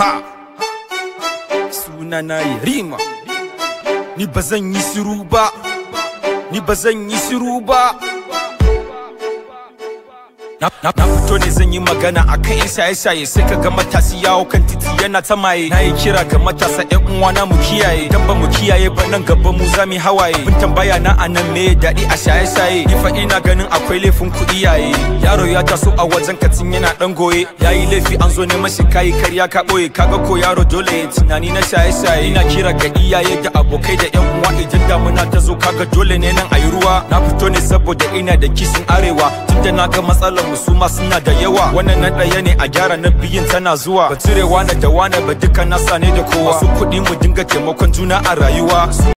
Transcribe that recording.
ha suna na rima ni ba zan yi shiru ba ni ba zan yi shiru ba na fito ne zan yi magana a kan shaye-shaye sai ka ga matasi yawo kan titi yana ta maye na yi kira ga matasa yan uwa na mu kiyaye dan ba mu kiyaye ba nan gaba mu zami hawaye mun tambaya na anan me daɗi a shaye shaye ni fa ina ganin akwai laifin ku iyaye yaro ya taso a wajen katin yana dan goye yayi laifi an zo neman shi kai karya ka boye kaga ko yaro dole ya tunani na shaye shaye ina kira ga iyaye da abokai da yan uwa idan damuna ta zo kaga dole ne nan ayi ruwa na fito ne saboda ina da kisin arewa tunda na ga matsalar mu su ma suna da yawa wannan na ɗaya ne a gyara na biyin tana zuwa ba cirewa na da wane ba duka nasa ne da kowa su kudi mu dinga taimakon juna a rayuwa